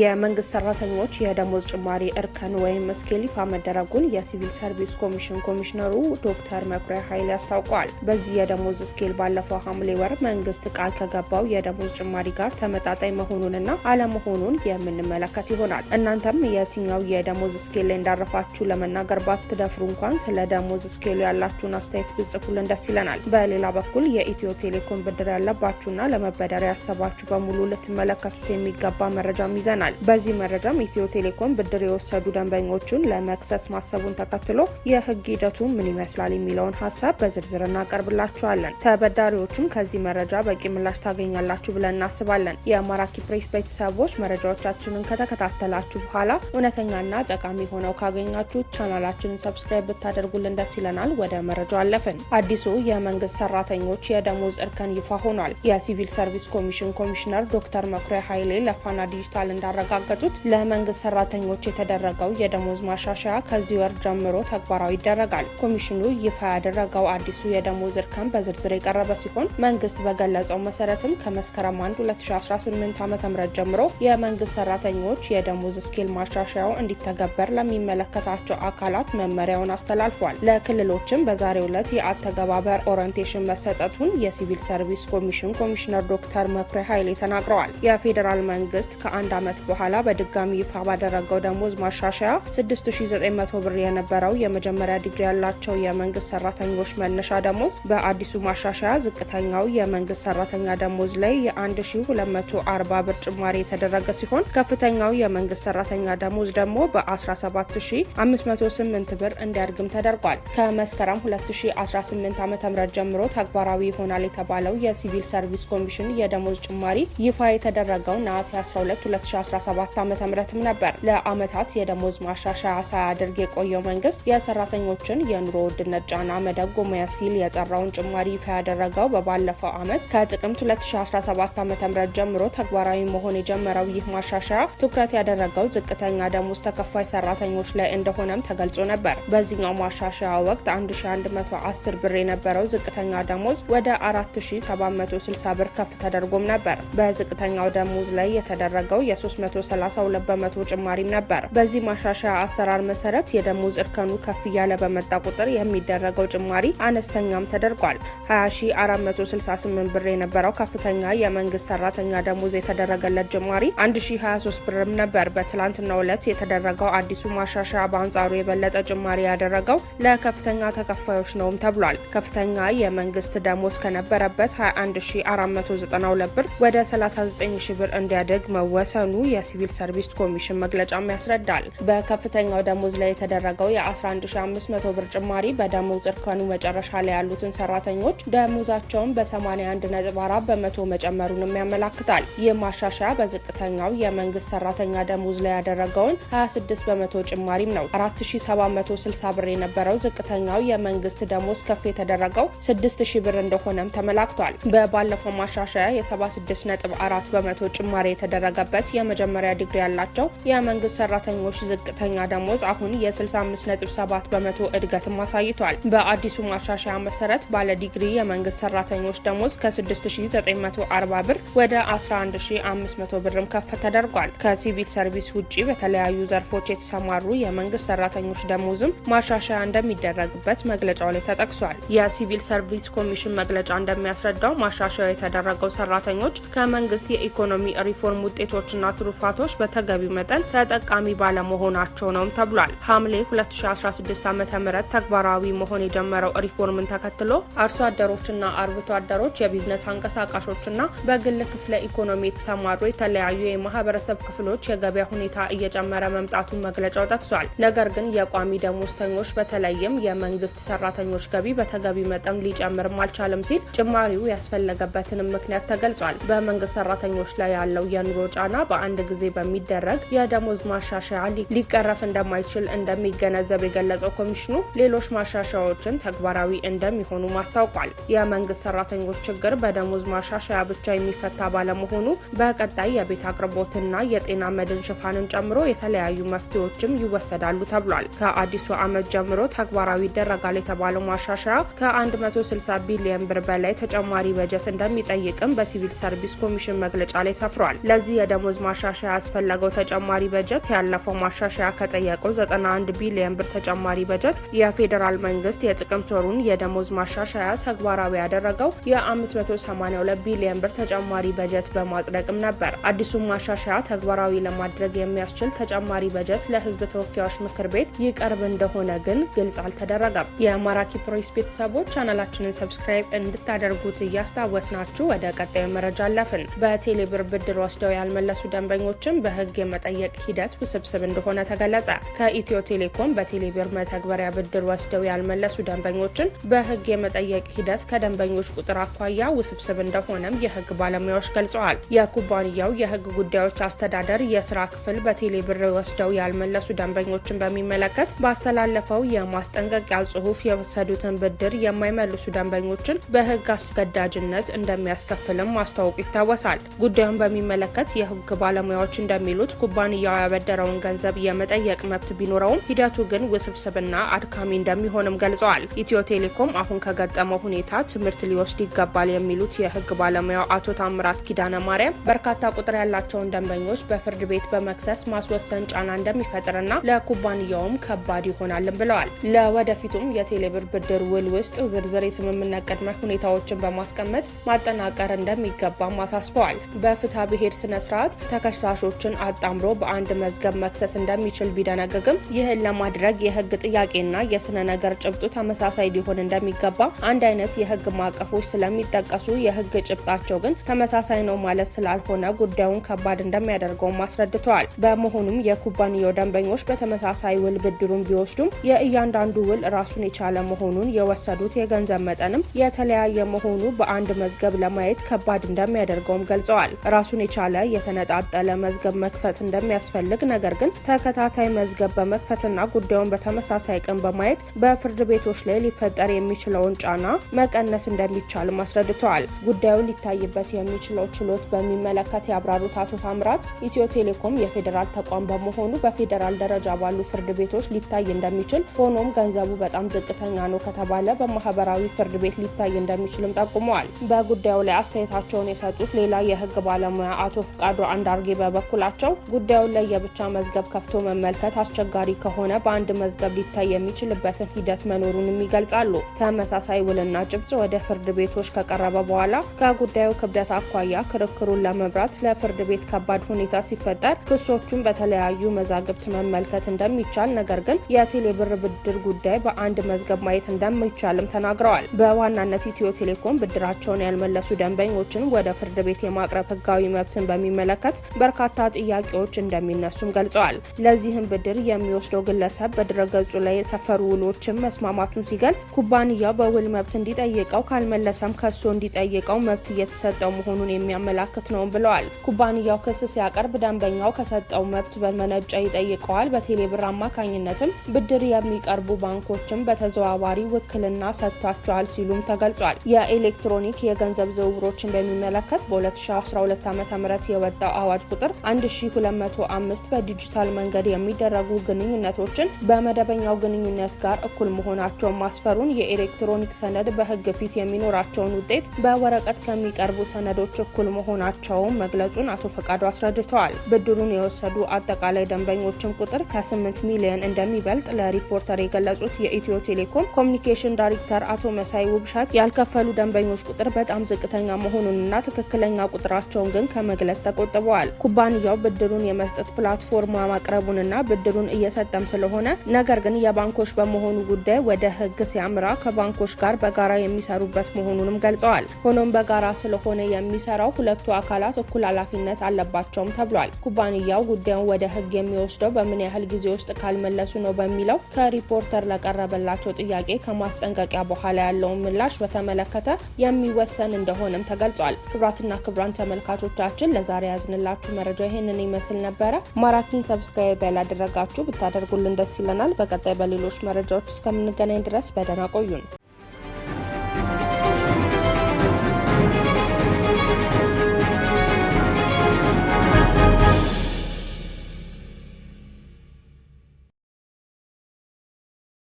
የመንግስት ሰራተኞች የደሞዝ ጭማሪ እርከን ወይም ስኬል ይፋ መደረጉን የሲቪል ሰርቪስ ኮሚሽን ኮሚሽነሩ ዶክተር መኩሪያ ኃይል አስታውቋል። በዚህ የደሞዝ ስኬል ባለፈው ሐምሌ ወር መንግስት ቃል ከገባው የደሞዝ ጭማሪ ጋር ተመጣጣኝ መሆኑንና አለመሆኑን የምንመለከት ይሆናል። እናንተም የትኛው የደሞዝ ስኬል ላይ እንዳረፋችሁ ለመናገር ባትደፍሩ እንኳን ስለ ደሞዝ ስኬሉ ያላችሁን አስተያየት ብጽፉልን ደስ ይለናል። በሌላ በኩል የኢትዮ ቴሌኮም ብድር ያለባችሁና ለመበደር ያሰባችሁ በሙሉ ልትመለከቱት የሚገባ መረጃ ሚዘ ይዘናል። በዚህ መረጃም ኢትዮ ቴሌኮም ብድር የወሰዱ ደንበኞቹን ለመክሰስ ማሰቡን ተከትሎ የህግ ሂደቱ ምን ይመስላል የሚለውን ሀሳብ በዝርዝር እናቀርብላችኋለን። ተበዳሪዎችም ከዚህ መረጃ በቂ ምላሽ ታገኛላችሁ ብለን እናስባለን። የማራኪ ፕሬስ ቤተሰቦች መረጃዎቻችንን ከተከታተላችሁ በኋላ እውነተኛና ጠቃሚ ሆነው ካገኛችሁ ቻናላችንን ሰብስክራይብ ብታደርጉልን ደስ ይለናል። ወደ መረጃው አለፍን። አዲሱ የመንግስት ሰራተኞች የደሞዝ እርከን ይፋ ሆኗል። የሲቪል ሰርቪስ ኮሚሽን ኮሚሽነር ዶክተር መኩሪያ ኃይሌ ለፋና ዲጂታል እንዳረጋገጡት ለመንግስት ሰራተኞች የተደረገው የደሞዝ ማሻሻያ ከዚህ ወር ጀምሮ ተግባራዊ ይደረጋል። ኮሚሽኑ ይፋ ያደረገው አዲሱ የደሞዝ እርከን በዝርዝር የቀረበ ሲሆን መንግስት በገለጸው መሰረትም ከመስከረም 1 2018 ዓ ም ጀምሮ የመንግስት ሰራተኞች የደሞዝ ስኬል ማሻሻያው እንዲተገበር ለሚመለከታቸው አካላት መመሪያውን አስተላልፏል። ለክልሎችም በዛሬው ዕለት የአተገባበር ኦሪንቴሽን መሰጠቱን የሲቪል ሰርቪስ ኮሚሽን ኮሚሽነር ዶክተር መኩሪያ ኃይሌ ተናግረዋል። የፌዴራል መንግስት ከአንድ ዓመት ዓመት በኋላ በድጋሚ ይፋ ባደረገው ደሞዝ ማሻሻያ 6900 ብር የነበረው የመጀመሪያ ዲግሪ ያላቸው የመንግስት ሰራተኞች መነሻ ደሞዝ በአዲሱ ማሻሻያ ዝቅተኛው የመንግስት ሰራተኛ ደሞዝ ላይ የ1240 ብር ጭማሪ የተደረገ ሲሆን ከፍተኛው የመንግስት ሰራተኛ ደሞዝ ደግሞ በ17508 ብር እንዲያድግም ተደርጓል። ከመስከረም 2018 ዓ ም ጀምሮ ተግባራዊ ይሆናል የተባለው የሲቪል ሰርቪስ ኮሚሽን የደሞዝ ጭማሪ ይፋ የተደረገው ነሐሴ 12 2017 ዓ ነበር። ለአመታት የደሞዝ ማሻሻያ ሳያደርግ የቆየው መንግስት የሰራተኞችን የኑሮ ውድነት ጫና መደጎሚያ ሲል የጠራውን ጭማሪ ይፋ ያደረገው በባለፈው አመት ከጥቅምት 2017 ዓ ም ጀምሮ ተግባራዊ መሆን የጀመረው ይህ ማሻሻያ ትኩረት ያደረገው ዝቅተኛ ደሞዝ ተከፋይ ሰራተኞች ላይ እንደሆነም ተገልጾ ነበር። በዚህኛው ማሻሻያ ወቅት 1110 ብር የነበረው ዝቅተኛ ደሞዝ ወደ 4760 ብር ከፍ ተደርጎም ነበር። በዝቅተኛው ደሞዝ ላይ የተደረገው የ3 332 በመቶ ጭማሪም ነበር። በዚህ ማሻሻያ አሰራር መሰረት የደሞዝ እርከኑ ከፍ እያለ በመጣ ቁጥር የሚደረገው ጭማሪ አነስተኛም ተደርጓል። 20468 ብር የነበረው ከፍተኛ የመንግስት ሰራተኛ ደሞዝ የተደረገለት ጭማሪ 1023 ብርም ነበር። በትላንትናው ዕለት የተደረገው አዲሱ ማሻሻያ በአንጻሩ የበለጠ ጭማሪ ያደረገው ለከፍተኛ ተከፋዮች ነውም ተብሏል። ከፍተኛ የመንግስት ደሞዝ ከነበረበት 21492 ብር ወደ 39000 ብር እንዲያደግ መወሰኑ የሲቪል ሰርቪስ ኮሚሽን መግለጫም ያስረዳል። በከፍተኛው ደሞዝ ላይ የተደረገው የ11500 ብር ጭማሪ በደሞዝ እርከኑ መጨረሻ ላይ ያሉትን ሰራተኞች ደሞዛቸውን በ81.4 በመቶ መጨመሩንም ያመላክታል። ይህ ማሻሻያ በዝቅተኛው የመንግስት ሰራተኛ ደሞዝ ላይ ያደረገውን 26 በመቶ ጭማሪም ነው። 4760 ብር የነበረው ዝቅተኛው የመንግስት ደሞዝ ከፍ የተደረገው 6000 ብር እንደሆነም ተመላክቷል። በባለፈው ማሻሻያ የ76.4 በመቶ ጭማሪ የተደረገበት የመጀመሪያ ዲግሪ ያላቸው የመንግስት ሰራተኞች ዝቅተኛ ደሞዝ አሁን የ65.7 በመቶ እድገትም አሳይቷል። በአዲሱ ማሻሻያ መሰረት ባለ ዲግሪ የመንግስት ሰራተኞች ደሞዝ ከ6940 ብር ወደ 11500 ብርም ከፍ ተደርጓል። ከሲቪል ሰርቪስ ውጪ በተለያዩ ዘርፎች የተሰማሩ የመንግስት ሰራተኞች ደሞዝም ማሻሻያ እንደሚደረግበት መግለጫው ላይ ተጠቅሷል። የሲቪል ሰርቪስ ኮሚሽን መግለጫ እንደሚያስረዳው ማሻሻያ የተደረገው ሰራተኞች ከመንግስት የኢኮኖሚ ሪፎርም ውጤቶችና ትሩፋቶች በተገቢው መጠን ተጠቃሚ ባለመሆናቸው ነው ተብሏል። ሐምሌ 2016 ዓ ም ተግባራዊ መሆን የጀመረው ሪፎርምን ተከትሎ አርሶ አደሮችና አርብቶ አደሮች የቢዝነስ አንቀሳቃሾችና በግል ክፍለ ኢኮኖሚ የተሰማሩ የተለያዩ የማህበረሰብ ክፍሎች የገበያ ሁኔታ እየጨመረ መምጣቱን መግለጫው ጠቅሷል። ነገር ግን የቋሚ ደሞዝተኞች በተለይም የመንግስት ሰራተኞች ገቢ በተገቢ መጠን ሊጨምርም አልቻለም ሲል ጭማሪው ያስፈለገበትንም ምክንያት ተገልጿል። በመንግስት ሰራተኞች ላይ ያለው የኑሮ ጫና በ አንድ ጊዜ በሚደረግ የደሞዝ ማሻሻያ ሊቀረፍ እንደማይችል እንደሚገነዘብ የገለጸው ኮሚሽኑ ሌሎች ማሻሻያዎችን ተግባራዊ እንደሚሆኑ ማስታውቋል። የመንግስት ሰራተኞች ችግር በደሞዝ ማሻሻያ ብቻ የሚፈታ ባለመሆኑ በቀጣይ የቤት አቅርቦትና የጤና መድን ሽፋንን ጨምሮ የተለያዩ መፍትሄዎችም ይወሰዳሉ ተብሏል። ከአዲሱ ዓመት ጀምሮ ተግባራዊ ይደረጋል የተባለው ማሻሻያ ከ160 ቢሊዮን ብር በላይ ተጨማሪ በጀት እንደሚጠይቅም በሲቪል ሰርቪስ ኮሚሽን መግለጫ ላይ ሰፍሯል። ለዚህ የደሞዝ ማሻሻያ ያስፈለገው ተጨማሪ በጀት ያለፈው ማሻሻያ ከጠየቀው 91 ቢሊዮን ብር ተጨማሪ በጀት የፌዴራል መንግስት የጥቅምት ወሩን የደሞዝ ማሻሻያ ተግባራዊ ያደረገው የ582 ቢሊዮን ብር ተጨማሪ በጀት በማጽደቅም ነበር። አዲሱን ማሻሻያ ተግባራዊ ለማድረግ የሚያስችል ተጨማሪ በጀት ለህዝብ ተወካዮች ምክር ቤት ይቀርብ እንደሆነ ግን ግልጽ አልተደረገም። የማራኪ ፕሬስ ቤተሰቦች ቻናላችንን ሰብስክራይብ እንድታደርጉት እያስታወስናችሁ ወደ ቀጣዩ መረጃ አለፍን። በቴሌብር ብድር ወስደው ያልመለሱ ደንበኞችን በህግ የመጠየቅ ሂደት ውስብስብ እንደሆነ ተገለጸ። ከኢትዮ ቴሌኮም በቴሌብር መተግበሪያ ብድር ወስደው ያልመለሱ ደንበኞችን በህግ የመጠየቅ ሂደት ከደንበኞች ቁጥር አኳያ ውስብስብ እንደሆነም የህግ ባለሙያዎች ገልጸዋል። የኩባንያው የሕግ ጉዳዮች አስተዳደር የስራ ክፍል በቴሌብር ወስደው ያልመለሱ ደንበኞችን በሚመለከት ባስተላለፈው የማስጠንቀቂያ ጽሑፍ የወሰዱትን ብድር የማይመልሱ ደንበኞችን በሕግ አስገዳጅነት እንደሚያስከፍልም ማስታወቁ ይታወሳል። ጉዳዩን በሚመለከት የህግ ባ ባለሙያዎች እንደሚሉት ኩባንያው ያበደረውን ገንዘብ የመጠየቅ መብት ቢኖረውም ሂደቱ ግን ውስብስብና አድካሚ እንደሚሆንም ገልጸዋል። ኢትዮ ቴሌኮም አሁን ከገጠመው ሁኔታ ትምህርት ሊወስድ ይገባል የሚሉት የህግ ባለሙያው አቶ ታምራት ኪዳነ ማርያም በርካታ ቁጥር ያላቸውን ደንበኞች በፍርድ ቤት በመክሰስ ማስወሰን ጫና እንደሚፈጥርና ለኩባንያውም ከባድ ይሆናልም ብለዋል። ለወደፊቱም የቴሌብር ብድር ውል ውስጥ ዝርዝር የስምምነት ቅድመ ሁኔታዎችን በማስቀመጥ ማጠናቀር እንደሚገባም አሳስበዋል። በፍትሐ ብሔር ስነ ስርዓት ተከሳሾችን አጣምሮ በአንድ መዝገብ መክሰስ እንደሚችል ቢደነግግም ይህን ለማድረግ የህግ ጥያቄና የስነ ነገር ጭብጡ ተመሳሳይ ሊሆን እንደሚገባ አንድ አይነት የህግ ማዕቀፎች ስለሚጠቀሱ የህግ ጭብጣቸው ግን ተመሳሳይ ነው ማለት ስላልሆነ ጉዳዩን ከባድ እንደሚያደርገውም አስረድተዋል። በመሆኑም የኩባንያው ደንበኞች በተመሳሳይ ውል ብድሩን ቢወስዱም የእያንዳንዱ ውል ራሱን የቻለ መሆኑን የወሰዱት የገንዘብ መጠንም የተለያየ መሆኑ በአንድ መዝገብ ለማየት ከባድ እንደሚያደርገውም ገልጸዋል። ራሱን የቻለ የተነጣጠ የተነጠለ መዝገብ መክፈት እንደሚያስፈልግ፣ ነገር ግን ተከታታይ መዝገብ በመክፈትና ጉዳዩን በተመሳሳይ ቀን በማየት በፍርድ ቤቶች ላይ ሊፈጠር የሚችለውን ጫና መቀነስ እንደሚቻልም አስረድተዋል። ጉዳዩ ሊታይበት የሚችለው ችሎት በሚመለከት ያብራሩት አቶ ታምራት ኢትዮ ቴሌኮም የፌዴራል ተቋም በመሆኑ በፌዴራል ደረጃ ባሉ ፍርድ ቤቶች ሊታይ እንደሚችል ሆኖም ገንዘቡ በጣም ዝቅተኛ ነው ከተባለ በማህበራዊ ፍርድ ቤት ሊታይ እንደሚችልም ጠቁመዋል። በጉዳዩ ላይ አስተያየታቸውን የሰጡት ሌላ የህግ ባለሙያ አቶ ፍቃዱ አንዳር አድርጌ በበኩላቸው ጉዳዩን ለየብቻ መዝገብ ከፍቶ መመልከት አስቸጋሪ ከሆነ በአንድ መዝገብ ሊታይ የሚችልበትን ሂደት መኖሩንም ይገልጻሉ። ተመሳሳይ ውልና ጭብጽ ወደ ፍርድ ቤቶች ከቀረበ በኋላ ከጉዳዩ ክብደት አኳያ ክርክሩን ለመምራት ለፍርድ ቤት ከባድ ሁኔታ ሲፈጠር ክሶቹን በተለያዩ መዛግብት መመልከት እንደሚቻል፣ ነገር ግን የቴሌብር ብድር ጉዳይ በአንድ መዝገብ ማየት እንደሚቻልም ተናግረዋል። በዋናነት ኢትዮ ቴሌኮም ብድራቸውን ያልመለሱ ደንበኞችን ወደ ፍርድ ቤት የማቅረብ ህጋዊ መብትን በሚመለከት በርካታ ጥያቄዎች እንደሚነሱም ገልጸዋል። ለዚህም ብድር የሚወስደው ግለሰብ በድረገጹ ላይ የሰፈሩ ውሎችን መስማማቱን ሲገልጽ ኩባንያው በውል መብት እንዲጠይቀው ካልመለሰም ከሶ እንዲጠይቀው መብት እየተሰጠው መሆኑን የሚያመላክት ነው ብለዋል። ኩባንያው ክስ ሲያቀርብ ደንበኛው ከሰጠው መብት በመነጨ ይጠይቀዋል። በቴሌብር አማካኝነትም ብድር የሚቀርቡ ባንኮችን በተዘዋዋሪ ውክልና ሰጥቷቸዋል ሲሉም ተገልጿል። የኤሌክትሮኒክ የገንዘብ ዝውውሮችን በሚመለከት በ2012 ዓ ም የወጣው አዋ አዋጅ ቁጥር 1205 በዲጂታል መንገድ የሚደረጉ ግንኙነቶችን በመደበኛው ግንኙነት ጋር እኩል መሆናቸውን ማስፈሩን፣ የኤሌክትሮኒክ ሰነድ በህግ ፊት የሚኖራቸውን ውጤት በወረቀት ከሚቀርቡ ሰነዶች እኩል መሆናቸውን መግለጹን አቶ ፈቃዱ አስረድተዋል። ብድሩን የወሰዱ አጠቃላይ ደንበኞችን ቁጥር ከ8 ሚሊዮን እንደሚበልጥ ለሪፖርተር የገለጹት የኢትዮ ቴሌኮም ኮሚኒኬሽን ዳይሬክተር አቶ መሳይ ውብሻት ያልከፈሉ ደንበኞች ቁጥር በጣም ዝቅተኛ መሆኑንና ትክክለኛ ቁጥራቸውን ግን ከመግለጽ ተቆጥበዋል። ገልጸዋል። ኩባንያው ብድሩን የመስጠት ፕላትፎርማ ማቅረቡንና ብድሩን እየሰጠም ስለሆነ ነገር ግን የባንኮች በመሆኑ ጉዳይ ወደ ህግ ሲያምራ ከባንኮች ጋር በጋራ የሚሰሩበት መሆኑንም ገልጸዋል። ሆኖም በጋራ ስለሆነ የሚሰራው ሁለቱ አካላት እኩል ኃላፊነት አለባቸውም ተብሏል። ኩባንያው ጉዳዩን ወደ ህግ የሚወስደው በምን ያህል ጊዜ ውስጥ ካልመለሱ ነው በሚለው ከሪፖርተር ለቀረበላቸው ጥያቄ ከማስጠንቀቂያ በኋላ ያለውን ምላሽ በተመለከተ የሚወሰን እንደሆነም ተገልጿል። ክብራትና ክብራን ተመልካቾቻችን ለዛሬ ያዝንላቸው የነበራችሁ መረጃ ይሄንን ይመስል ነበረ። ማራኪን ሰብስክራይብ ያላደረጋችሁ ብታደርጉልን ደስ ይለናል። በቀጣይ በሌሎች መረጃዎች እስከምንገናኝ ድረስ በደህና ቆዩን።